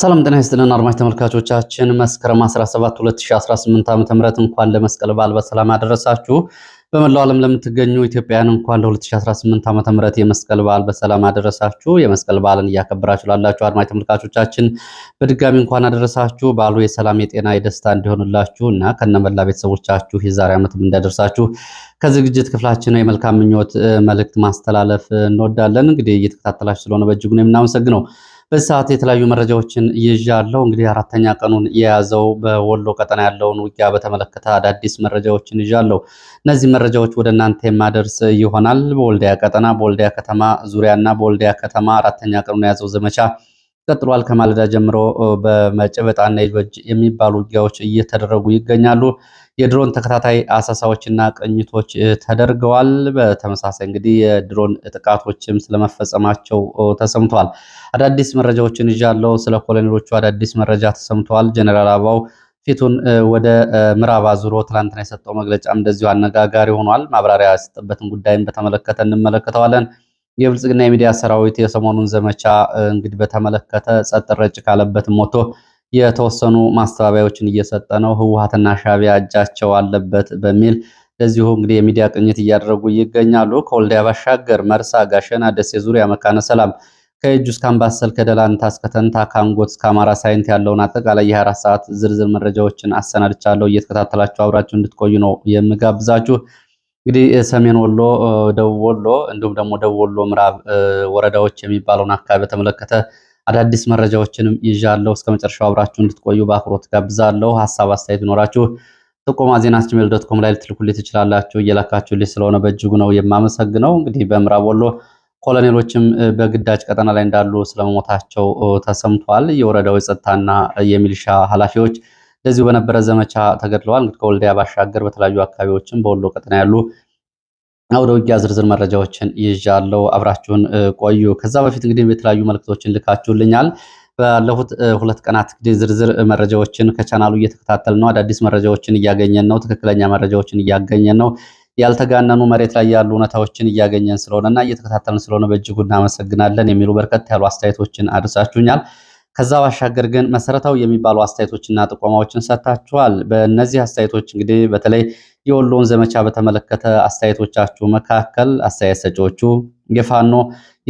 ሰላም ጤና ይስጥልን አድማጭ ተመልካቾቻችን፣ መስከረም 17 2018 ዓ.ም እንኳን ለመስቀል በዓል በሰላም አደረሳችሁ። በመላው ዓለም ለምትገኙ ኢትዮጵያውያን እንኳን ለ2018 ዓ.ም የመስቀል በዓል በሰላም አደረሳችሁ። የመስቀል በዓልን እያከበራችሁ ላላችሁ አድማጭ ተመልካቾቻችን በድጋሚ እንኳን አደረሳችሁ። በዓሉ የሰላም የጤና፣ የደስታ እንዲሆንላችሁ እና ከነመላ ቤተሰቦቻችሁ የዛሬ ዓመትም እንዳደርሳችሁ ከዝግጅት ክፍላችን የመልካም ምኞት መልእክት ማስተላለፍ እንወዳለን። እንግዲህ እየተከታተላችሁ ስለሆነ በእጅጉ ነው የምናመሰግነው። በሰዓት የተለያዩ መረጃዎችን ይዣለሁ። እንግዲህ አራተኛ ቀኑን የያዘው በወሎ ቀጠና ያለውን ውጊያ በተመለከተ አዳዲስ መረጃዎችን ይዣለሁ። እነዚህ መረጃዎች ወደ እናንተ የማደርስ ይሆናል። በወልዲያ ቀጠና፣ በወልዲያ ከተማ ዙሪያና በወልዲያ ከተማ አራተኛ ቀኑን የያዘው ዘመቻ ቀጥሏል። ከማለዳ ጀምሮ በመጨበጣና ይበጅ የሚባሉ ውጊያዎች እየተደረጉ ይገኛሉ። የድሮን ተከታታይ አሰሳዎችና ቅኝቶች ተደርገዋል። በተመሳሳይ እንግዲህ የድሮን ጥቃቶችም ስለመፈጸማቸው ተሰምተዋል። አዳዲስ መረጃዎችን ይዣለሁ። ስለ ኮሎኔሎቹ አዳዲስ መረጃ ተሰምተዋል። ጀነራል አበባው ፊቱን ወደ ምዕራብ አዙሮ ትናንትና የሰጠው መግለጫ እንደዚሁ አነጋጋሪ ሆኗል። ማብራሪያ የሰጠበትን ጉዳይም በተመለከተ እንመለከተዋለን። የብልጽግና የሚዲያ ሰራዊት የሰሞኑን ዘመቻ እንግዲህ በተመለከተ ጸጥ ረጭ ካለበትም ወጥቶ የተወሰኑ ማስተባበያዎችን እየሰጠ ነው። ህወሓትና ሻቢያ እጃቸው አለበት በሚል ለዚሁ እንግዲህ የሚዲያ ቅኝት እያደረጉ ይገኛሉ። ከወልዲያ ባሻገር መርሳ፣ ጋሸና፣ ደሴ ዙሪያ፣ መካነ ሰላም ከእጁ እስከ አምባሰል ከደላንታ እስከ ተንታ ከአንጎት እስከ አማራ ሳይንት ያለውን አጠቃላይ የ24 ሰዓት ዝርዝር መረጃዎችን አሰናድቻለሁ። እየተከታተላችሁ አብራችሁ እንድትቆዩ ነው የምጋብዛችሁ። እንግዲህ ሰሜን ወሎ፣ ደቡብ ወሎ እንዲሁም ደግሞ ደቡብ ወሎ ምዕራብ ወረዳዎች የሚባለውን አካባቢ በተመለከተ አዳዲስ መረጃዎችንም ይዣለሁ። እስከ መጨረሻው አብራችሁ እንድትቆዩ በአክብሮት ጋብዛለሁ። ሀሳብ አስተያየት ቢኖራችሁ ጥቆማ ዜና ጂሜል ዶት ኮም ላይ ልትልኩልኝ ትችላላችሁ። እየላካችሁልኝ ስለሆነ በእጅጉ ነው የማመሰግነው። እንግዲህ በምዕራብ ወሎ ኮሎኔሎችም በግዳጅ ቀጠና ላይ እንዳሉ ስለመሞታቸው ተሰምቷል። የወረዳው የጸጥታና የሚሊሻ ኃላፊዎች እንደዚሁ በነበረ ዘመቻ ተገድለዋል። እንግዲህ ከወልዲያ ባሻገር በተለያዩ አካባቢዎችም በወሎ ቀጠና ያሉ አውደ ውጊያ ዝርዝር መረጃዎችን ይዣለው አብራችሁን ቆዩ። ከዛ በፊት እንግዲህ የተለያዩ መልክቶችን ልካችሁልኛል። ባለፉት ሁለት ቀናት እንግዲህ ዝርዝር መረጃዎችን ከቻናሉ እየተከታተል ነው። አዳዲስ መረጃዎችን እያገኘን ነው። ትክክለኛ መረጃዎችን እያገኘን ነው። ያልተጋነኑ መሬት ላይ ያሉ እውነታዎችን እያገኘን ስለሆነ እና እየተከታተልን ስለሆነ በእጅጉ እናመሰግናለን የሚሉ በርከት ያሉ አስተያየቶችን አድርሳችሁኛል። ከዛ ባሻገር ግን መሰረታዊ የሚባሉ አስተያየቶችና ጥቆማዎችን ሰጥታችኋል። በእነዚህ አስተያየቶች እንግዲህ በተለይ የወሎውን ዘመቻ በተመለከተ አስተያየቶቻችሁ መካከል አስተያየት ሰጪዎቹ የፋኖ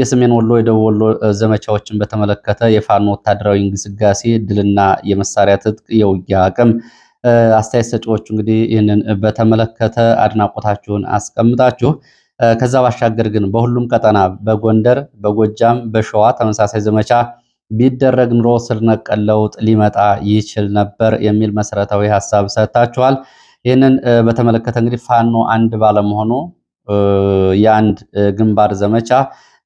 የሰሜን ወሎ የደቡብ ወሎ ዘመቻዎችን በተመለከተ የፋኖ ወታደራዊ እንግስጋሴ ድልና የመሳሪያ ትጥቅ የውጊያ አቅም አስተያየት ሰጪዎቹ እንግዲህ ይህንን በተመለከተ አድናቆታችሁን አስቀምጣችሁ ከዛ ባሻገር ግን በሁሉም ቀጠና በጎንደር፣ በጎጃም፣ በሸዋ ተመሳሳይ ዘመቻ ቢደረግ ኑሮ ስር ነቀል ለውጥ ሊመጣ ይችል ነበር የሚል መሰረታዊ ሀሳብ ሰጥታችኋል። ይህንን በተመለከተ እንግዲህ ፋኖ አንድ ባለመሆኑ የአንድ ግንባር ዘመቻ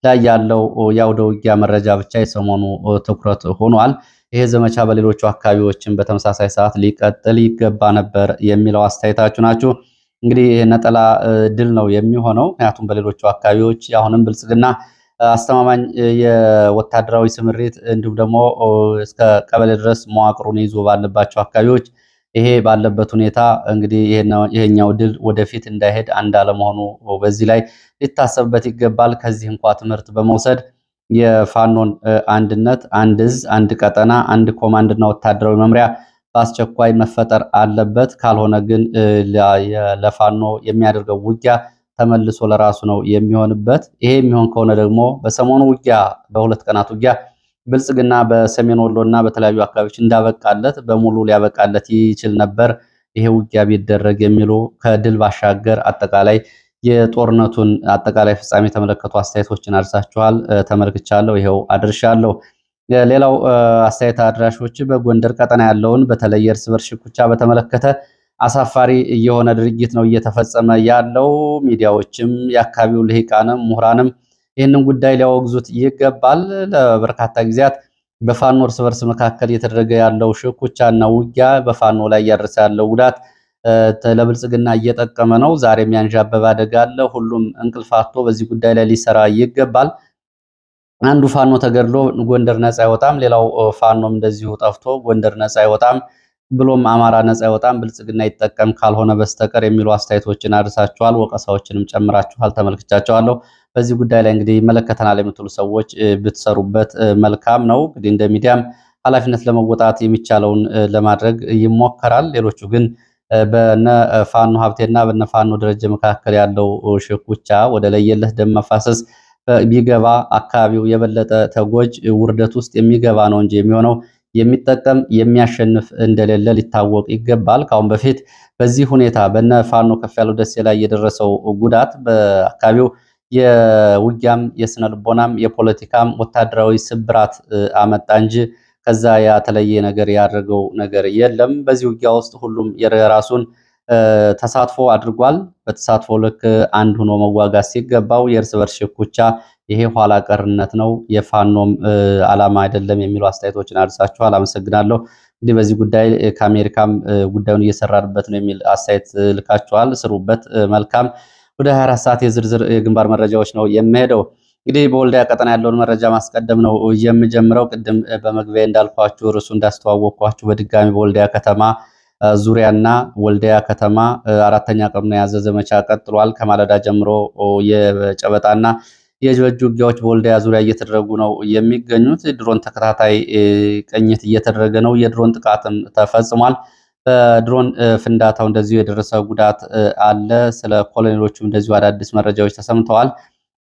ላይ ያለው የአውደ ውጊያ መረጃ ብቻ የሰሞኑ ትኩረት ሆኗል። ይሄ ዘመቻ በሌሎቹ አካባቢዎችን በተመሳሳይ ሰዓት ሊቀጥል ይገባ ነበር የሚለው አስተያየታችሁ ናችሁ። እንግዲህ ነጠላ ድል ነው የሚሆነው። ምክንያቱም በሌሎቹ አካባቢዎች አሁንም ብልጽግና አስተማማኝ የወታደራዊ ስምሪት እንዲሁም ደግሞ እስከ ቀበሌ ድረስ መዋቅሩን ይዞ ባለባቸው አካባቢዎች ይሄ ባለበት ሁኔታ እንግዲህ ይሄኛው ድል ወደፊት እንዳይሄድ አንድ አለመሆኑ በዚህ ላይ ሊታሰብበት ይገባል። ከዚህ እንኳ ትምህርት በመውሰድ የፋኖን አንድነት፣ አንድ እዝ፣ አንድ ቀጠና፣ አንድ ኮማንድና ወታደራዊ መምሪያ በአስቸኳይ መፈጠር አለበት። ካልሆነ ግን ለፋኖ የሚያደርገው ውጊያ ተመልሶ ለራሱ ነው የሚሆንበት። ይሄ የሚሆን ከሆነ ደግሞ በሰሞኑ ውጊያ በሁለት ቀናት ውጊያ ብልጽግና በሰሜን ወሎ እና በተለያዩ አካባቢዎች እንዳበቃለት በሙሉ ሊያበቃለት ይችል ነበር ይሄ ውጊያ ቢደረግ የሚሉ ከድል ባሻገር አጠቃላይ የጦርነቱን አጠቃላይ ፍጻሜ የተመለከቱ አስተያየቶችን አድርሳችኋል። ተመልክቻለሁ፣ ይኸው አድርሻለሁ። ሌላው አስተያየት አድራሾች በጎንደር ቀጠና ያለውን በተለይ እርስ በርስ ሽኩቻ በተመለከተ አሳፋሪ የሆነ ድርጊት ነው እየተፈጸመ ያለው። ሚዲያዎችም፣ የአካባቢው ልሂቃንም ምሁራንም ይህንን ጉዳይ ሊያወግዙት ይገባል። ለበርካታ ጊዜያት በፋኖ እርስ በርስ መካከል እየተደረገ ያለው ሽኩቻና ውጊያ በፋኖ ላይ እያደረሰ ያለው ጉዳት ለብልጽግና እየጠቀመ ነው። ዛሬም ያንዣበበ አደጋ አለ። ሁሉም እንቅልፍ አጥቶ በዚህ ጉዳይ ላይ ሊሰራ ይገባል። አንዱ ፋኖ ተገድሎ ጎንደር ነፃ አይወጣም፣ ሌላው ፋኖም እንደዚሁ ጠፍቶ ጎንደር ነፃ አይወጣም። ብሎም አማራ ነጻ ይወጣም ብልጽግና ይጠቀም ካልሆነ በስተቀር የሚሉ አስተያየቶችን አድርሳችኋል፣ ወቀሳዎችንም ጨምራችኋል፣ ተመልክቻቸዋለሁ። በዚህ ጉዳይ ላይ እንግዲህ ይመለከተናል የምትሉ ሰዎች ብትሰሩበት መልካም ነው። እንግዲህ እንደ ሚዲያም ኃላፊነት ለመወጣት የሚቻለውን ለማድረግ ይሞከራል። ሌሎቹ ግን በነ ፋኖ ሀብቴና በነ ፋኖ ደረጀ መካከል ያለው ሽኩቻ ወደ ለየለህ ደም መፋሰስ ቢገባ አካባቢው የበለጠ ተጎጅ ውርደት ውስጥ የሚገባ ነው እንጂ የሚሆነው የሚጠቀም የሚያሸንፍ እንደሌለ ሊታወቅ ይገባል። ከአሁን በፊት በዚህ ሁኔታ በነ ፋኖ ያለው ደሴ ላይ የደረሰው ጉዳት በአካባቢው የውጊያም የስነ ልቦናም የፖለቲካም ወታደራዊ ስብራት አመጣ እንጂ ከዛ ያተለየ ነገር ያደረገው ነገር የለም። በዚህ ውጊያ ውስጥ ሁሉም የራሱን ተሳትፎ አድርጓል። በተሳትፎ ልክ አንድ ሆኖ መዋጋት ሲገባው የእርስ በርስ ሽኩቻ ይሄ ኋላ ቀርነት ነው፣ የፋኖም አላማ አይደለም የሚሉ አስተያየቶችን አድርሳችኋል። አመሰግናለሁ። እንግዲህ በዚህ ጉዳይ ከአሜሪካም ጉዳዩን እየሰራንበት ነው የሚል አስተያየት ልካችኋል። ስሩበት። መልካም። ወደ 24 ሰዓት የዝርዝር የግንባር መረጃዎች ነው የሚሄደው። እንግዲህ በወልዲያ ቀጠና ያለውን መረጃ ማስቀደም ነው የምጀምረው። ቅድም በመግቢያ እንዳልኳችሁ እርሱ እንዳስተዋወቅኳችሁ በድጋሚ በወልዲያ ከተማ ዙሪያና ወልዲያ ከተማ አራተኛ ቀኑን የያዘ ዘመቻ ቀጥሏል። ከማለዳ ጀምሮ የጨበጣና የእጅ በእጅ ውጊያዎች በወልዲያ ዙሪያ እየተደረጉ ነው የሚገኙት። ድሮን ተከታታይ ቅኝት እየተደረገ ነው። የድሮን ጥቃትም ተፈጽሟል። በድሮን ፍንዳታው እንደዚሁ የደረሰ ጉዳት አለ። ስለ ኮሎኔሎቹም እንደዚሁ አዳዲስ መረጃዎች ተሰምተዋል።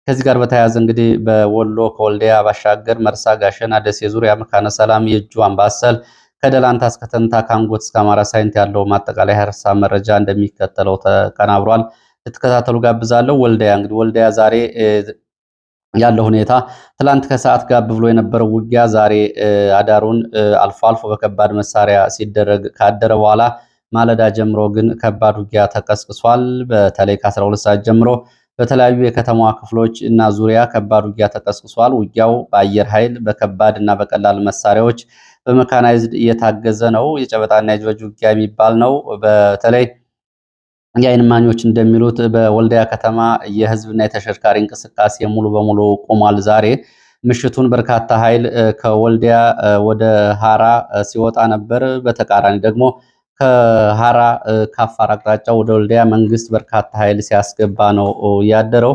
ከዚህ ጋር በተያያዘ እንግዲህ በወሎ ከወልዲያ ባሻገር መርሳ፣ ጋሸና፣ ደሴ ዙሪያ፣ መካነ ሰላም፣ የእጁ አምባሰል ከደላንታ እስከ ተንታ ካንጎት እስከ አማራ ሳይንት ያለው ማጠቃላይ ሀርሳ መረጃ እንደሚከተለው ተቀናብሯል። ልትከታተሉ ጋብዛለሁ። ወልዲያ እንግዲህ ወልዲያ ዛሬ ያለው ሁኔታ ትላንት ከሰዓት ጋብ ብሎ የነበረው ውጊያ ዛሬ አዳሩን አልፎ አልፎ በከባድ መሳሪያ ሲደረግ ካደረ በኋላ ማለዳ ጀምሮ ግን ከባድ ውጊያ ተቀስቅሷል። በተለይ ከ12 ሰዓት ጀምሮ በተለያዩ የከተማዋ ክፍሎች እና ዙሪያ ከባድ ውጊያ ተቀስቅሷል። ውጊያው በአየር ኃይል በከባድ እና በቀላል መሳሪያዎች በመካናይዝድ እየታገዘ ነው። የጨበጣና የጅበጅ ውጊያ የሚባል ነው። በተለይ የዓይን እማኞች እንደሚሉት በወልዲያ ከተማ የህዝብና የተሽከርካሪ እንቅስቃሴ ሙሉ በሙሉ ቆሟል። ዛሬ ምሽቱን በርካታ ኃይል ከወልዲያ ወደ ሀራ ሲወጣ ነበር። በተቃራኒ ደግሞ ከሀራ ከአፋር አቅጣጫ ወደ ወልዲያ መንግስት በርካታ ኃይል ሲያስገባ ነው ያደረው።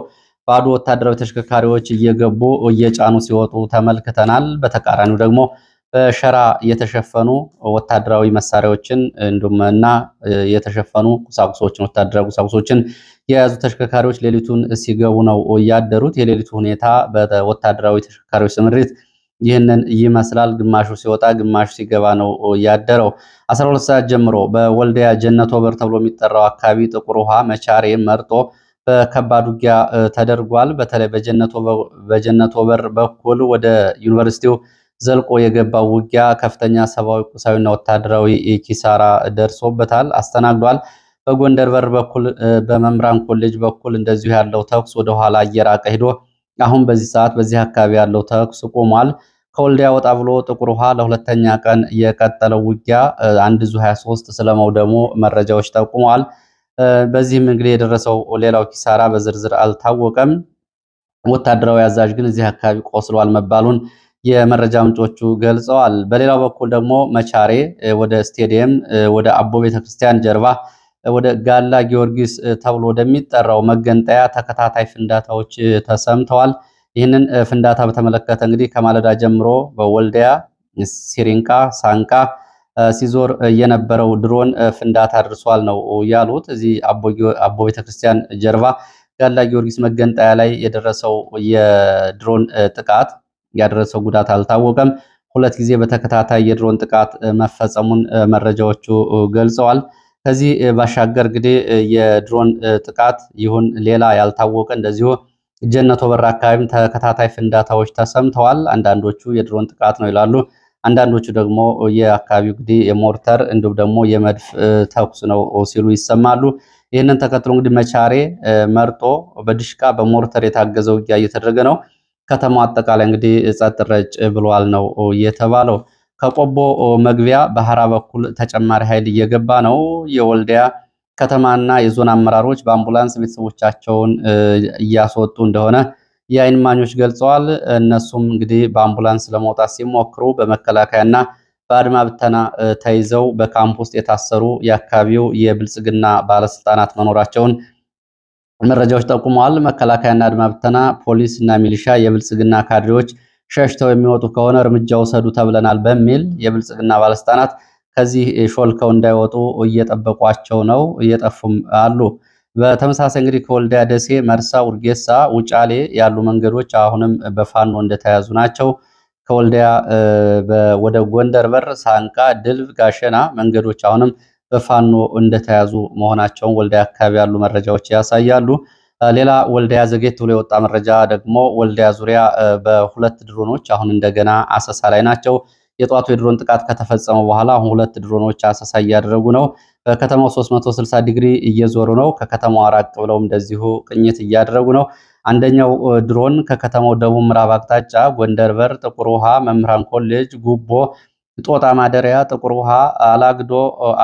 ባዶ ወታደራዊ ተሽከርካሪዎች እየገቡ እየጫኑ ሲወጡ ተመልክተናል። በተቃራኒው ደግሞ በሸራ የተሸፈኑ ወታደራዊ መሳሪያዎችን እንዲሁም እና የተሸፈኑ ቁሳቁሶችን ወታደራዊ ቁሳቁሶችን የያዙ ተሽከርካሪዎች ሌሊቱን ሲገቡ ነው ያደሩት። የሌሊቱ ሁኔታ በወታደራዊ ተሽከርካሪዎች ስምሪት ይህንን ይመስላል። ግማሹ ሲወጣ ግማሹ ሲገባ ነው ያደረው። 12 ሰዓት ጀምሮ በወልዲያ ጀነት ወበር ተብሎ የሚጠራው አካባቢ ጥቁር ውሃ፣ መቻሬ፣ መርጦ በከባድ ውጊያ ተደርጓል። በተለይ በጀነት ወበር በኩል ወደ ዩኒቨርሲቲው ዘልቆ የገባው ውጊያ ከፍተኛ ሰብአዊ፣ ቁሳዊና ወታደራዊ ኪሳራ ደርሶበታል አስተናግዷል። በጎንደር በር በኩል በመምራን ኮሌጅ በኩል እንደዚሁ ያለው ተኩስ ወደ ኋላ እየራቀ ሄዶ አሁን በዚህ ሰዓት በዚህ አካባቢ ያለው ተኩስ ቆሟል። ከወልዲያ ወጣ ብሎ ጥቁር ውሃ ለሁለተኛ ቀን የቀጠለው ውጊያ አንድ ዙ 23 ስለመውደሙ መረጃዎች ጠቁመዋል። በዚህም እንግዲህ የደረሰው ሌላው ኪሳራ በዝርዝር አልታወቀም። ወታደራዊ አዛዥ ግን እዚህ አካባቢ ቆስሏል መባሉን የመረጃ ምንጮቹ ገልጸዋል። በሌላው በኩል ደግሞ መቻሬ ወደ ስቴዲየም ወደ አቦ ቤተክርስቲያን ጀርባ ወደ ጋላ ጊዮርጊስ ተብሎ ወደሚጠራው መገንጠያ ተከታታይ ፍንዳታዎች ተሰምተዋል። ይህንን ፍንዳታ በተመለከተ እንግዲህ ከማለዳ ጀምሮ በወልዲያ ሲሪንቃ፣ ሳንቃ ሲዞር የነበረው ድሮን ፍንዳታ አድርሷል ነው ያሉት። እዚህ አቦ ቤተክርስቲያን ጀርባ ጋላ ጊዮርጊስ መገንጠያ ላይ የደረሰው የድሮን ጥቃት ያደረሰው ጉዳት አልታወቀም። ሁለት ጊዜ በተከታታይ የድሮን ጥቃት መፈጸሙን መረጃዎቹ ገልጸዋል። ከዚህ ባሻገር እንግዲህ የድሮን ጥቃት ይሁን ሌላ ያልታወቀ እንደዚሁ ጀነቶ በራ አካባቢም ተከታታይ ፍንዳታዎች ተሰምተዋል። አንዳንዶቹ የድሮን ጥቃት ነው ይላሉ፣ አንዳንዶቹ ደግሞ የአካባቢው እንግዲህ የሞርተር እንዲሁም ደግሞ የመድፍ ተኩስ ነው ሲሉ ይሰማሉ። ይህንን ተከትሎ እንግዲህ መቻሬ መርጦ በድሽቃ በሞርተር የታገዘ ውጊያ እየተደረገ ነው። ከተማው አጠቃላይ እንግዲህ ጸጥ ረጭ ብሏል ነው የተባለው። ከቆቦ መግቢያ በሐራ በኩል ተጨማሪ ኃይል እየገባ ነው። የወልዲያ ከተማና የዞን አመራሮች በአምቡላንስ ቤተሰቦቻቸውን እያስወጡ እንደሆነ የአይን ማኞች ገልጸዋል። እነሱም እንግዲህ በአምቡላንስ ለመውጣት ሲሞክሩ በመከላከያና በአድማ ብተና ተይዘው በካምፕ ውስጥ የታሰሩ የአካባቢው የብልጽግና ባለስልጣናት መኖራቸውን መረጃዎች ጠቁመዋል። መከላከያና አድማ ብተና፣ ፖሊስ እና ሚሊሻ የብልጽግና ካድሬዎች ሸሽተው የሚወጡ ከሆነ እርምጃ ውሰዱ ተብለናል በሚል የብልጽግና ባለስልጣናት ከዚህ ሾልከው እንዳይወጡ እየጠበቋቸው ነው፣ እየጠፉም አሉ። በተመሳሳይ እንግዲህ ከወልዲያ ደሴ፣ መርሳ፣ ውርጌሳ፣ ውጫሌ ያሉ መንገዶች አሁንም በፋኖ እንደተያዙ ናቸው። ከወልዲያ ወደ ጎንደር በር፣ ሳንቃ፣ ድልብ፣ ጋሸና መንገዶች አሁንም በፋኖ እንደተያዙ መሆናቸውን ወልዲያ አካባቢ ያሉ መረጃዎች ያሳያሉ። ሌላ ወልዲያ ዘጌት ብሎ የወጣ መረጃ ደግሞ ወልዲያ ዙሪያ በሁለት ድሮኖች አሁን እንደገና አሰሳ ላይ ናቸው። የጠዋቱ የድሮን ጥቃት ከተፈጸመ በኋላ አሁን ሁለት ድሮኖች አሰሳ እያደረጉ ነው። በከተማው 360 ዲግሪ እየዞሩ ነው። ከከተማው ራቅ ብለው እንደዚሁ ቅኝት እያደረጉ ነው። አንደኛው ድሮን ከከተማው ደቡብ ምዕራብ አቅጣጫ ጎንደር በር፣ ጥቁር ውሃ፣ መምህራን ኮሌጅ፣ ጉቦ ጦጣ ማደሪያ፣ ጥቁር ውሃ፣ አላግዶ፣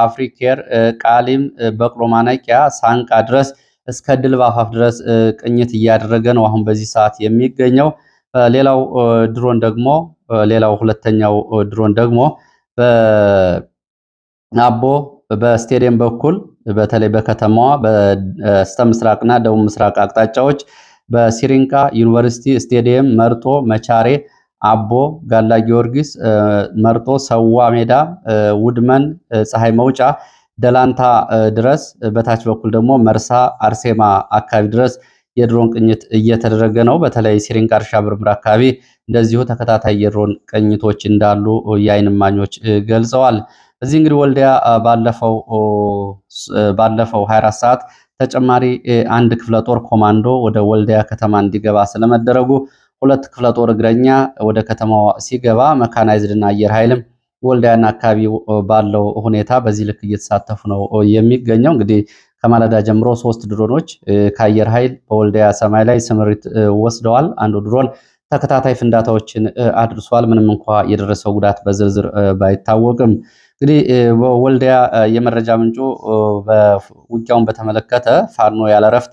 አፍሪኬር፣ ቃሊም፣ በቅሎ ማነቂያ፣ ሳንቃ ድረስ እስከ ድል ባፋፍ ድረስ ቅኝት እያደረገ ነው አሁን በዚህ ሰዓት የሚገኘው። ሌላው ድሮን ደግሞ ሌላው ሁለተኛው ድሮን ደግሞ በአቦ በስቴዲየም በኩል በተለይ በከተማዋ በስተ ምስራቅና ደቡብ ምስራቅ አቅጣጫዎች በሲሪንቃ ዩኒቨርሲቲ ስቴዲየም፣ መርጦ፣ መቻሬ አቦ፣ ጋላ ጊዮርጊስ፣ መርጦ፣ ሰዋ ሜዳ፣ ውድመን፣ ፀሐይ መውጫ፣ ደላንታ ድረስ በታች በኩል ደግሞ መርሳ፣ አርሴማ አካባቢ ድረስ የድሮን ቅኝት እየተደረገ ነው። በተለይ ሲሪንቃ እርሻ ምርምር አካባቢ እንደዚሁ ተከታታይ የድሮን ቅኝቶች እንዳሉ የዓይን እማኞች ገልጸዋል። እዚህ እንግዲህ ወልዲያ ባለፈው ባለፈው 24 ሰዓት ተጨማሪ አንድ ክፍለ ጦር ኮማንዶ ወደ ወልዲያ ከተማ እንዲገባ ስለመደረጉ ሁለት ክፍለ ጦር እግረኛ ወደ ከተማዋ ሲገባ መካናይዝድና አየር ኃይልም ወልዳያና አካባቢ ባለው ሁኔታ በዚህ ልክ እየተሳተፉ ነው የሚገኘው። እንግዲህ ከማለዳ ጀምሮ ሶስት ድሮኖች ከአየር ኃይል በወልዳያ ሰማይ ላይ ስምሪት ወስደዋል። አንዱ ድሮን ተከታታይ ፍንዳታዎችን አድርሷል። ምንም እንኳ የደረሰው ጉዳት በዝርዝር ባይታወቅም እንግዲህ በወልዳያ የመረጃ ምንጩ ውጊያውን በተመለከተ ፋኖ ያለረፍት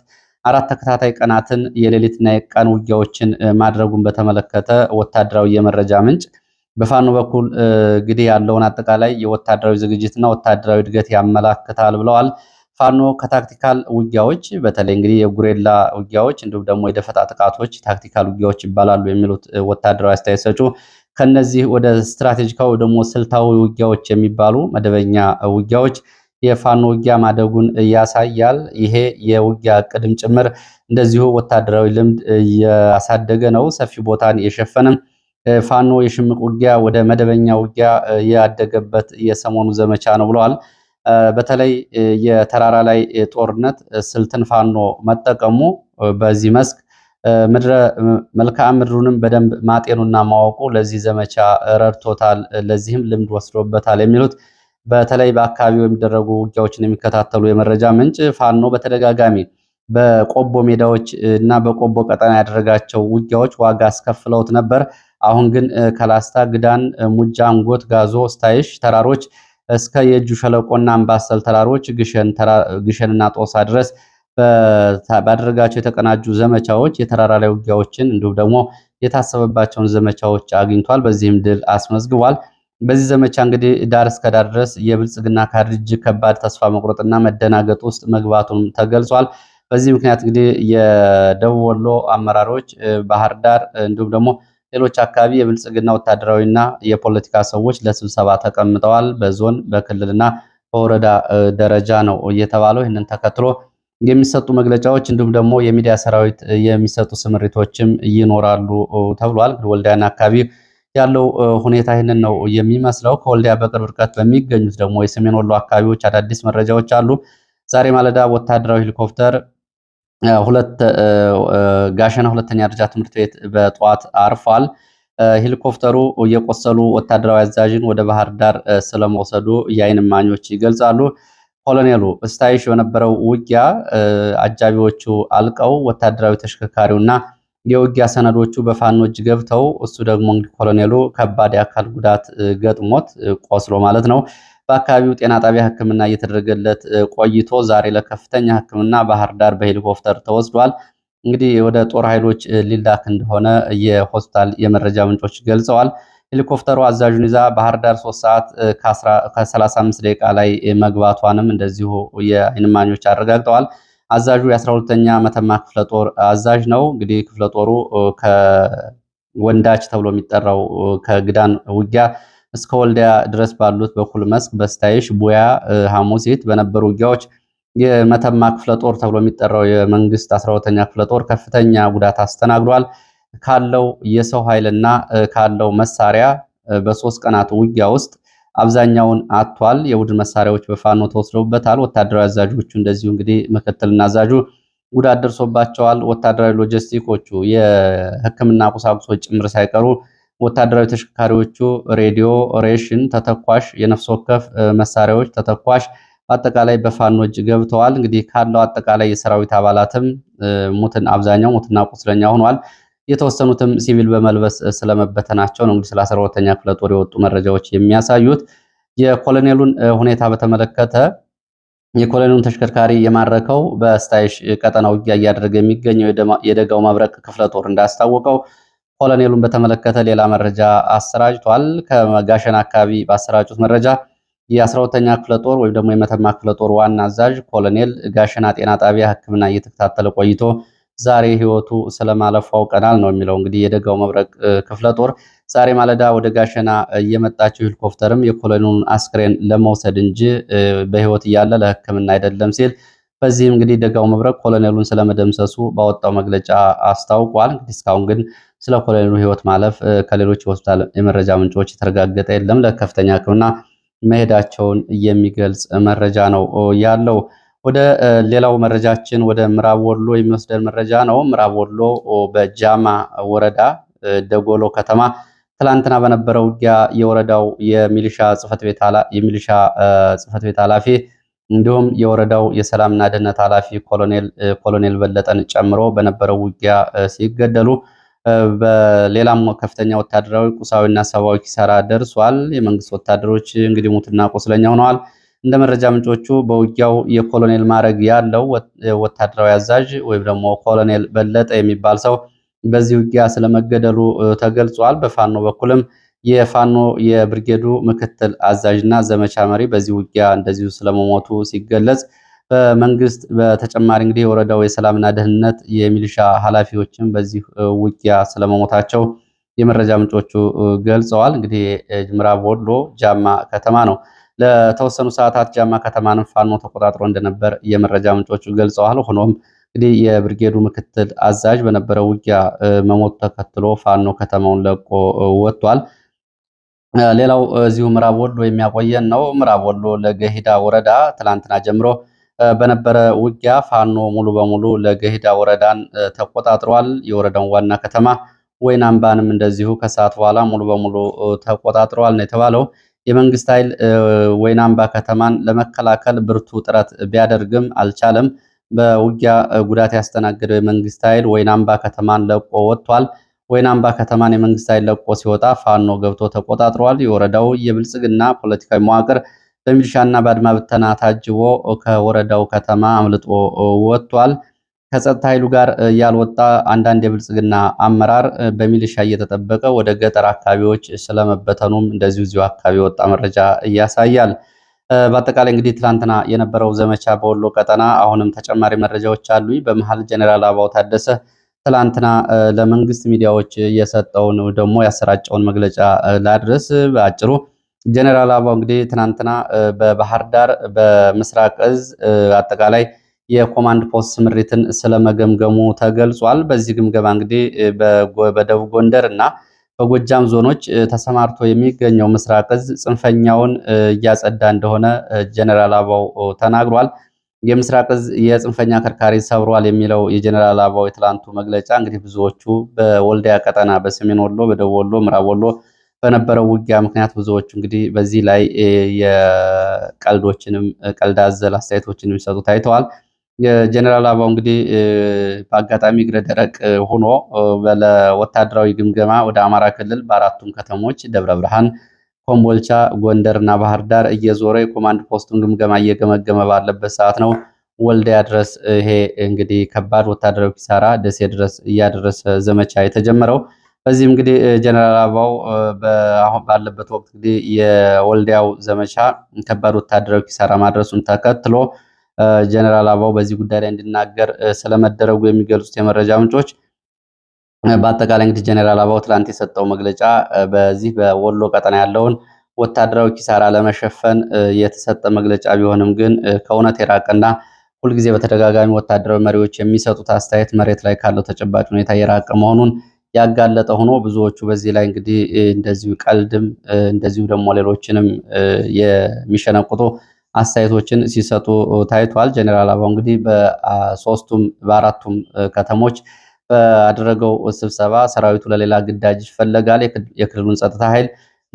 አራት ተከታታይ ቀናትን የሌሊትና የቀን ውጊያዎችን ማድረጉን በተመለከተ ወታደራዊ የመረጃ ምንጭ በፋኖ በኩል እንግዲህ ያለውን አጠቃላይ የወታደራዊ ዝግጅትና ወታደራዊ እድገት ያመላክታል ብለዋል። ፋኖ ከታክቲካል ውጊያዎች በተለይ እንግዲህ የጉሬላ ውጊያዎች እንዲሁም ደግሞ የደፈጣ ጥቃቶች ታክቲካል ውጊያዎች ይባላሉ የሚሉት ወታደራዊ አስተያየት ሰጩ ከነዚህ ወደ ስትራቴጂካዊ ደግሞ ስልታዊ ውጊያዎች የሚባሉ መደበኛ ውጊያዎች የፋኖ ውጊያ ማደጉን ያሳያል። ይሄ የውጊያ ቅድም ጭምር እንደዚሁ ወታደራዊ ልምድ ያሳደገ ነው። ሰፊ ቦታን የሸፈነም ፋኖ የሽምቅ ውጊያ ወደ መደበኛ ውጊያ ያደገበት የሰሞኑ ዘመቻ ነው ብለዋል። በተለይ የተራራ ላይ ጦርነት ስልትን ፋኖ መጠቀሙ በዚህ መስክ መልክዓ ምድሩንም በደንብ ማጤኑና ማወቁ ለዚህ ዘመቻ ረድቶታል፣ ለዚህም ልምድ ወስዶበታል የሚሉት በተለይ በአካባቢው የሚደረጉ ውጊያዎችን የሚከታተሉ የመረጃ ምንጭ ፋኖ በተደጋጋሚ በቆቦ ሜዳዎች እና በቆቦ ቀጠና ያደረጋቸው ውጊያዎች ዋጋ አስከፍለውት ነበር። አሁን ግን ከላስታ ግዳን፣ ሙጃ፣ አንጎት፣ ጋዞ፣ ስታይሽ ተራሮች እስከ የእጁ ሸለቆና አምባሰል ተራሮች ግሸንና ጦሳ ድረስ ባደረጋቸው የተቀናጁ ዘመቻዎች የተራራ ላይ ውጊያዎችን እንዲሁም ደግሞ የታሰበባቸውን ዘመቻዎች አግኝቷል። በዚህም ድል አስመዝግቧል። በዚህ ዘመቻ እንግዲህ ዳር እስከ ዳር ድረስ የብልጽግና ካድሬ ከባድ ተስፋ መቁረጥና መደናገጥ ውስጥ መግባቱን ተገልጿል። በዚህ ምክንያት እንግዲህ የደቡብ ወሎ አመራሮች ባህር ዳር እንዲሁም ደግሞ ሌሎች አካባቢ የብልጽግና ወታደራዊና የፖለቲካ ሰዎች ለስብሰባ ተቀምጠዋል። በዞን በክልልና በወረዳ ደረጃ ነው እየተባለው። ይህንን ተከትሎ የሚሰጡ መግለጫዎች እንዲሁም ደግሞ የሚዲያ ሰራዊት የሚሰጡ ስምሪቶችም ይኖራሉ ተብሏል። ወልዳያን አካባቢ ያለው ሁኔታ ይህንን ነው የሚመስለው። ከወልዲያ በቅርብ ርቀት በሚገኙት ደግሞ የሰሜን ወሎ አካባቢዎች አዳዲስ መረጃዎች አሉ። ዛሬ ማለዳ ወታደራዊ ሄሊኮፕተር ሁለት ጋሸና ሁለተኛ ደረጃ ትምህርት ቤት በጠዋት አርፏል። ሄሊኮፕተሩ የቆሰሉ ወታደራዊ አዛዥን ወደ ባህር ዳር ስለመውሰዱ የአይን እማኞች ይገልጻሉ። ኮሎኔሉ እስታይሽ የነበረው ውጊያ አጃቢዎቹ አልቀው ወታደራዊ ተሽከርካሪውና የውጊያ ሰነዶቹ በፋኖ እጅ ገብተው እሱ ደግሞ እንግዲህ ኮሎኔሉ ከባድ የአካል ጉዳት ገጥሞት ቆስሎ ማለት ነው በአካባቢው ጤና ጣቢያ ሕክምና እየተደረገለት ቆይቶ ዛሬ ለከፍተኛ ሕክምና ባህር ዳር በሄሊኮፕተር ተወስዷል። እንግዲህ ወደ ጦር ኃይሎች ሊላክ እንደሆነ የሆስፒታል የመረጃ ምንጮች ገልጸዋል። ሄሊኮፕተሩ አዛዡን ይዛ ባህር ዳር ሶስት ሰዓት ከ35 ደቂቃ ላይ መግባቷንም እንደዚሁ የአይንማኞች አረጋግጠዋል። አዛዡ የ12ተኛ መተማ ክፍለ ጦር አዛዥ ነው። እንግዲህ ክፍለ ጦሩ ከወንዳች ተብሎ የሚጠራው ከግዳን ውጊያ እስከ ወልዲያ ድረስ ባሉት በኩል መስክ፣ በስታይሽ፣ ቡያ፣ ሐሙሲት በነበሩ ውጊያዎች የመተማ ክፍለ ጦር ተብሎ የሚጠራው የመንግስት 12ተኛ ክፍለ ጦር ከፍተኛ ጉዳት አስተናግዷል። ካለው የሰው ኃይልና ካለው መሳሪያ በሶስት ቀናት ውጊያ ውስጥ አብዛኛውን አጥቷል። የቡድን መሳሪያዎች በፋኖ ተወስደውበታል። ወታደራዊ አዛዦቹ እንደዚሁ እንግዲህ ምክትልና አዛዡ ጉዳት ደርሶባቸዋል። ወታደራዊ ሎጂስቲኮቹ፣ የሕክምና ቁሳቁሶች ጭምር ሳይቀሩ ወታደራዊ ተሽከርካሪዎቹ፣ ሬዲዮ፣ ሬሽን፣ ተተኳሽ፣ የነፍስ ወከፍ መሳሪያዎች፣ ተተኳሽ አጠቃላይ በፋኖ እጅ ገብተዋል። እንግዲህ ካለው አጠቃላይ የሰራዊት አባላትም ሙትን አብዛኛው ሙትና ቁስለኛ ሆኗል። የተወሰኑትም ሲቪል በመልበስ ስለመበተናቸው ነው። እንግዲህ ስለ አስራ ክፍለ ጦር የወጡ መረጃዎች የሚያሳዩት የኮሎኔሉን ሁኔታ በተመለከተ የኮሎኔሉን ተሽከርካሪ የማረከው በስታይሽ ቀጠና ውጊያ እያደረገ የሚገኘው የደጋው መብረቅ ክፍለ ጦር እንዳስታወቀው ኮሎኔሉን በተመለከተ ሌላ መረጃ አሰራጭቷል። ከጋሸና አካባቢ ባሰራጩት መረጃ የአስራሁለተኛ ክፍለ ጦር ወይም ደግሞ የመተማ ክፍለ ጦር ዋና አዛዥ ኮሎኔል ጋሸና ጤና ጣቢያ ሕክምና እየተከታተለ ቆይቶ ዛሬ ህይወቱ ስለማለፉ አውቀናል ነው የሚለው። እንግዲህ የደጋው መብረቅ ክፍለ ጦር ዛሬ ማለዳ ወደ ጋሸና እየመጣችው ሄሊኮፕተርም የኮሎኔሉን አስክሬን ለመውሰድ እንጂ በህይወት እያለ ለህክምና አይደለም ሲል በዚህም እንግዲህ ደጋው መብረቅ ኮሎኔሉን ስለመደምሰሱ ባወጣው መግለጫ አስታውቋል። እንግዲህ እስካሁን ግን ስለ ኮሎኔሉ ህይወት ማለፍ ከሌሎች የሆስፒታል የመረጃ ምንጮች የተረጋገጠ የለም። ለከፍተኛ ህክምና መሄዳቸውን የሚገልጽ መረጃ ነው ያለው። ወደ ሌላው መረጃችን ወደ ምዕራብ ወሎ የሚወስደን መረጃ ነው። ምዕራብ ወሎ በጃማ ወረዳ ደጎሎ ከተማ ትላንትና በነበረው ውጊያ የወረዳው የሚሊሻ ጽፈት ቤት ኃላፊ እንዲሁም የወረዳው የሰላምና ደህንነት ኃላፊ ኮሎኔል በለጠን ጨምሮ በነበረው ውጊያ ሲገደሉ፣ በሌላም ከፍተኛ ወታደራዊ ቁሳዊና ሰብአዊ ኪሳራ ደርሷል። የመንግስት ወታደሮች እንግዲህ ሙትና ቁስለኛ ሆነዋል። እንደ መረጃ ምንጮቹ በውጊያው የኮሎኔል ማዕረግ ያለው ወታደራዊ አዛዥ ወይም ደግሞ ኮሎኔል በለጠ የሚባል ሰው በዚህ ውጊያ ስለመገደሉ ተገልጿል። በፋኖ በኩልም የፋኖ የብርጌዱ ምክትል አዛዥና ዘመቻ መሪ በዚህ ውጊያ እንደዚሁ ስለመሞቱ ሲገለጽ በመንግስት በተጨማሪ እንግዲህ የወረዳው የሰላምና ደህንነት የሚሊሻ ኃላፊዎችም በዚህ ውጊያ ስለመሞታቸው የመረጃ ምንጮቹ ገልጸዋል። እንግዲህ ምዕራብ ወሎ ጃማ ከተማ ነው። ለተወሰኑ ሰዓታት ጃማ ከተማንም ፋኖ ተቆጣጥሮ እንደነበር የመረጃ ምንጮቹ ገልጸዋል። ሆኖም እንግዲህ የብርጌዱ ምክትል አዛዥ በነበረው ውጊያ መሞቱ ተከትሎ ፋኖ ከተማውን ለቆ ወጥቷል። ሌላው እዚሁ ምዕራብ ወሎ የሚያቆየን ነው። ምዕራብ ወሎ ለገሂዳ ወረዳ ትላንትና ጀምሮ በነበረ ውጊያ ፋኖ ሙሉ በሙሉ ለገሂዳ ወረዳን ተቆጣጥሯል። የወረዳውን ዋና ከተማ ወይን አምባንም እንደዚሁ ከሰዓት በኋላ ሙሉ በሙሉ ተቆጣጥሯል ነው የተባለው። የመንግስት ኃይል ወይናምባ ከተማን ለመከላከል ብርቱ ጥረት ቢያደርግም አልቻለም። በውጊያ ጉዳት ያስተናገደው የመንግስት ኃይል ወይናምባ ከተማን ለቆ ወጥቷል። አምባ ከተማን የመንግስት ኃይል ለቆ ሲወጣ ፋኖ ገብቶ ተቆጣጥሯል። የወረዳው የብልጽግና ፖለቲካዊ መዋቅር በሚሊሻና በአድማ ብተና ታጅቦ ከወረዳው ከተማ አምልጦ ወጥቷል። ከጸጥታ ኃይሉ ጋር ያልወጣ አንዳንድ የብልጽግና አመራር በሚሊሻ እየተጠበቀ ወደ ገጠር አካባቢዎች ስለመበተኑም እንደዚሁ እዚሁ አካባቢ የወጣ መረጃ ያሳያል። በአጠቃላይ እንግዲህ ትላንትና የነበረው ዘመቻ በወሎ ቀጠና አሁንም ተጨማሪ መረጃዎች አሉ። በመሀል ጀኔራል አበባው ታደሰ ትላንትና ለመንግስት ሚዲያዎች የሰጠውን ደግሞ ያሰራጨውን መግለጫ ላድረስ በአጭሩ። ጀኔራል አባው እንግዲህ ትናንትና በባህር ዳር በምስራቅ እዝ አጠቃላይ የኮማንድ ፖስት ስምሪትን ስለመገምገሙ ተገልጿል። በዚህ ግምገማ እንግዲህ በደቡብ ጎንደር እና በጎጃም ዞኖች ተሰማርቶ የሚገኘው ምስራቅ እዝ ጽንፈኛውን እያጸዳ እንደሆነ ጀነራል አባው ተናግሯል። የምስራቅ እዝ የጽንፈኛ ከርካሪ ሰብሯል የሚለው የጀነራል አባው የትላንቱ መግለጫ እንግዲህ ብዙዎቹ በወልዲያ ቀጠና፣ በሰሜን ወሎ፣ በደቡብ ወሎ፣ ምዕራብ ወሎ በነበረው ውጊያ ምክንያት ብዙዎቹ እንግዲህ በዚህ ላይ የቀልዶችንም ቀልድ አዘል አስተያየቶችን የሚሰጡ ታይተዋል። የጀኔራል አበባው እንግዲህ በአጋጣሚ እግረ ደረቅ ሆኖ ለወታደራዊ ግምገማ ወደ አማራ ክልል በአራቱም ከተሞች ደብረ ብርሃን፣ ኮምቦልቻ፣ ጎንደር እና ባህር ዳር እየዞረ የኮማንድ ፖስቱን ግምገማ እየገመገመ ባለበት ሰዓት ነው ወልዲያ ድረስ ይሄ እንግዲህ ከባድ ወታደራዊ ኪሳራ ደሴ ድረስ እያደረሰ ዘመቻ የተጀመረው። በዚህ እንግዲህ ጀነራል አበባው አሁን ባለበት ወቅት እንግዲህ የወልዲያው ዘመቻ ከባድ ወታደራዊ ኪሳራ ማድረሱን ተከትሎ ጀነራል አበባው በዚህ ጉዳይ ላይ እንዲናገር ስለመደረጉ የሚገልጹት የመረጃ ምንጮች በአጠቃላይ እንግዲህ ጀኔራል አበባው ትላንት የሰጠው መግለጫ በዚህ በወሎ ቀጠና ያለውን ወታደራዊ ኪሳራ ለመሸፈን የተሰጠ መግለጫ ቢሆንም ግን ከእውነት የራቀና ሁልጊዜ በተደጋጋሚ ወታደራዊ መሪዎች የሚሰጡት አስተያየት መሬት ላይ ካለው ተጨባጭ ሁኔታ የራቀ መሆኑን ያጋለጠ ሆኖ ብዙዎቹ በዚህ ላይ እንግዲህ እንደዚሁ ቀልድም እንደዚሁ ደግሞ ሌሎችንም የሚሸነቁጡ አስተያየቶችን ሲሰጡ ታይቷል። ጀኔራል አበባው እንግዲህ በሶስቱም በአራቱም ከተሞች በአደረገው ስብሰባ ሰራዊቱ ለሌላ ግዳጅ ይፈለጋል፣ የክልሉን ጸጥታ ኃይል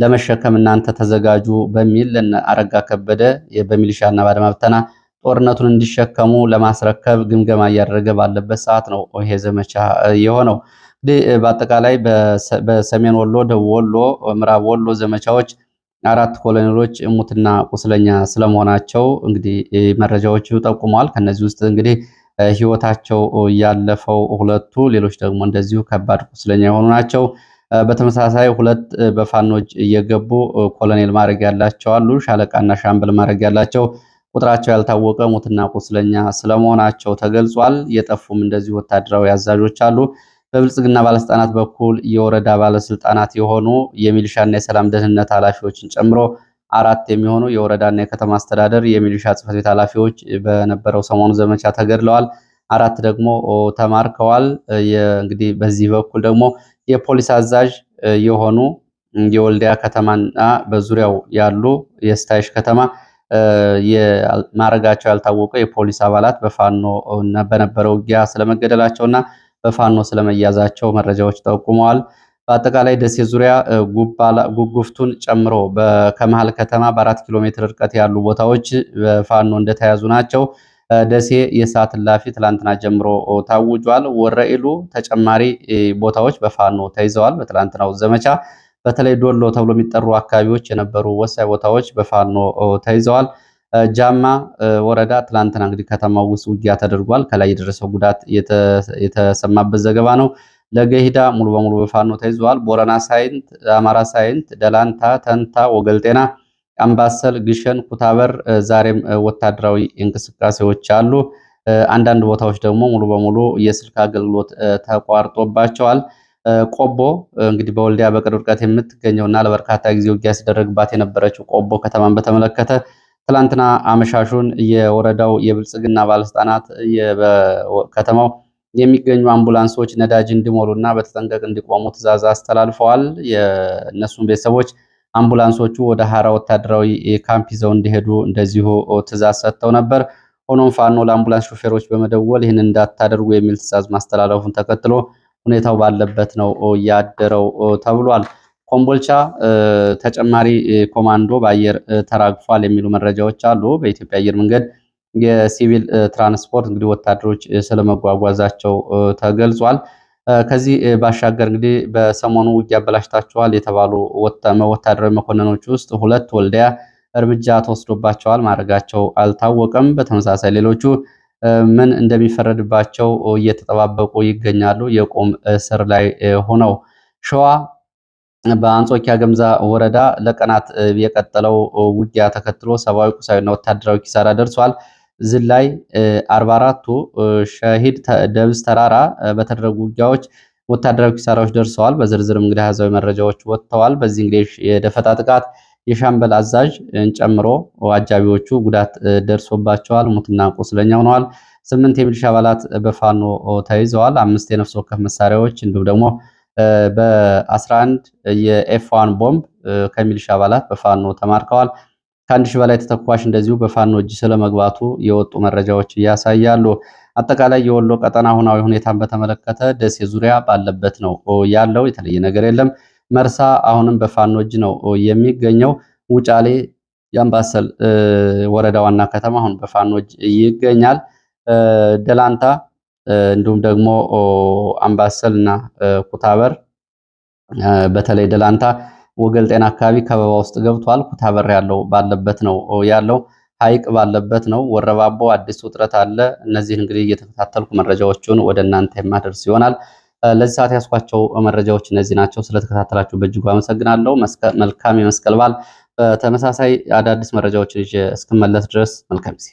ለመሸከም እናንተ ተዘጋጁ በሚል አረጋ ከበደ በሚሊሻና በአድማ ጦርነቱን እንዲሸከሙ ለማስረከብ ግምገማ እያደረገ ባለበት ሰዓት ነው ይሄ ዘመቻ የሆነው። እንግዲህ በአጠቃላይ በሰሜን ወሎ፣ ደቡብ ወሎ፣ ምዕራብ ወሎ ዘመቻዎች አራት ኮሎኔሎች ሙትና ቁስለኛ ስለመሆናቸው እንግዲህ መረጃዎቹ ጠቁመዋል። ከነዚህ ውስጥ እንግዲህ ህይወታቸው ያለፈው ሁለቱ፣ ሌሎች ደግሞ እንደዚሁ ከባድ ቁስለኛ የሆኑ ናቸው። በተመሳሳይ ሁለት በፋኖች እየገቡ ኮሎኔል ማድረግ ያላቸው አሉ። ሻለቃና ሻምበል ማድረግ ያላቸው ቁጥራቸው ያልታወቀ ሙትና ቁስለኛ ስለመሆናቸው ተገልጿል። የጠፉም እንደዚሁ ወታደራዊ አዛዦች አሉ። በብልጽግና ባለስልጣናት በኩል የወረዳ ባለስልጣናት የሆኑ የሚሊሻና የሰላም ደህንነት ኃላፊዎችን ጨምሮ አራት የሚሆኑ የወረዳና የከተማ አስተዳደር የሚሊሻ ጽፈት ቤት ኃላፊዎች በነበረው ሰሞኑ ዘመቻ ተገድለዋል። አራት ደግሞ ተማርከዋል። እንግዲህ በዚህ በኩል ደግሞ የፖሊስ አዛዥ የሆኑ የወልዲያ ከተማና በዙሪያው ያሉ የስታይሽ ከተማ ማረጋቸው ያልታወቀ የፖሊስ አባላት በፋኖ በነበረው ውጊያ ስለመገደላቸውና በፋኖ ስለመያዛቸው መረጃዎች ጠቁመዋል። በአጠቃላይ ደሴ ዙሪያ ጉጉፍቱን ጨምሮ ከመሀል ከተማ በአራት ኪሎ ሜትር ርቀት ያሉ ቦታዎች በፋኖ እንደተያዙ ናቸው። ደሴ የሰዓት እላፊ ትላንትና ጀምሮ ታውጇል። ወረኢሉ ተጨማሪ ቦታዎች በፋኖ ተይዘዋል። በትላንትናው ዘመቻ በተለይ ዶሎ ተብሎ የሚጠሩ አካባቢዎች የነበሩ ወሳኝ ቦታዎች በፋኖ ተይዘዋል። ጃማ ወረዳ ትላንትና እንግዲህ ከተማው ውስጥ ውጊያ ተደርጓል። ከላይ የደረሰው ጉዳት የተሰማበት ዘገባ ነው። ለገሂዳ ሙሉ በሙሉ በፋኖ ተይዘዋል። ቦረና ሳይንት፣ አማራ ሳይንት፣ ደላንታ፣ ተንታ፣ ወገልጤና፣ አምባሰል፣ ግሸን፣ ኩታበር ዛሬም ወታደራዊ እንቅስቃሴዎች አሉ። አንዳንድ ቦታዎች ደግሞ ሙሉ በሙሉ የስልክ አገልግሎት ተቋርጦባቸዋል። ቆቦ እንግዲህ በወልዲያ በቅርብ ርቀት እና ለበርካታ ጊዜ ውጊያ ሲደረግባት የነበረችው ቆቦ ከተማን በተመለከተ ትላንትና አመሻሹን የወረዳው የብልጽግና ባለስልጣናት በከተማው የሚገኙ አምቡላንሶች ነዳጅ እንዲሞሉ በተጠንቀቅ እንዲቆሙ ትዕዛዝ አስተላልፈዋል። የእነሱም ቤተሰቦች አምቡላንሶቹ ወደ ሀራ ወታደራዊ ካምፕ ይዘው እንዲሄዱ እንደዚሁ ትዕዛዝ ሰጥተው ነበር። ሆኖም ፋኖ ለአምቡላንስ ሾፌሮች በመደወል ይህን እንዳታደርጉ የሚል ትዕዛዝ ማስተላለፉን ተከትሎ ሁኔታው ባለበት ነው ያደረው ተብሏል። ኮምቦልቻ ተጨማሪ ኮማንዶ በአየር ተራግፏል የሚሉ መረጃዎች አሉ። በኢትዮጵያ አየር መንገድ የሲቪል ትራንስፖርት እንግዲህ ወታደሮች ስለመጓጓዛቸው ተገልጿል። ከዚህ ባሻገር እንግዲህ በሰሞኑ ውጊያ አበላሽታችኋል የተባሉ ወታደራዊ መኮንኖች ውስጥ ሁለት ወልዲያ እርምጃ ተወስዶባቸዋል፣ ማድረጋቸው አልታወቀም። በተመሳሳይ ሌሎቹ ምን እንደሚፈረድባቸው እየተጠባበቁ ይገኛሉ የቁም እስር ላይ ሆነው ሸዋ በአንጾኪያ ገምዛ ወረዳ ለቀናት የቀጠለው ውጊያ ተከትሎ ሰብአዊ፣ ቁሳዊና ወታደራዊ ኪሳራ ደርሷል። ዝላይ 44ቱ ሸሂድ ደብዝ ተራራ በተደረጉ ውጊያዎች ወታደራዊ ኪሳራዎች ደርሰዋል። በዝርዝርም እንግዲህ አሃዛዊ መረጃዎች ወጥተዋል። በዚህ እንግዲህ የደፈጣ ጥቃት የሻምበል አዛዥ ጨምሮ አጃቢዎቹ ጉዳት ደርሶባቸዋል። ሙትና ቁስለኛ ሆነዋል። ስምንት የሚሊሻ አባላት በፋኖ ተይዘዋል። አምስት የነፍስ ወከፍ መሳሪያዎች እንዲሁም ደግሞ በ11 የኤፍ ዋን ቦምብ ከሚሊሻ አባላት በፋኖ ተማርከዋል። ከአንድ ሺህ በላይ ተተኳሽ እንደዚሁ በፋኖ እጅ ስለመግባቱ የወጡ መረጃዎች ያሳያሉ። አጠቃላይ የወሎ ቀጠና አሁናዊ ሁኔታን በተመለከተ ደሴ ዙሪያ ባለበት ነው ያለው፣ የተለየ ነገር የለም። መርሳ አሁንም በፋኖ እጅ ነው የሚገኘው። ውጫሌ የአምባሰል ወረዳ ዋና ከተማ አሁን በፋኖ እጅ ይገኛል። ደላንታ እንዲሁም ደግሞ አምባሰል እና ኩታበር በተለይ ደላንታ ወገል ጤና አካባቢ ከበባ ውስጥ ገብቷል። ኩታበር ያለው ባለበት ነው ያለው ሐይቅ ባለበት ነው። ወረባቦ አዲስ ውጥረት አለ። እነዚህን እንግዲህ እየተከታተልኩ መረጃዎቹን ወደ እናንተ የማደርስ ይሆናል። ለዚህ ሰዓት ያስኳቸው መረጃዎች እነዚህ ናቸው። ስለተከታተላችሁ በእጅጉ አመሰግናለሁ። መልካም የመስቀል በዓል። በተመሳሳይ አዳዲስ መረጃዎችን ይዤ እስክመለስ ድረስ መልካም ጊዜ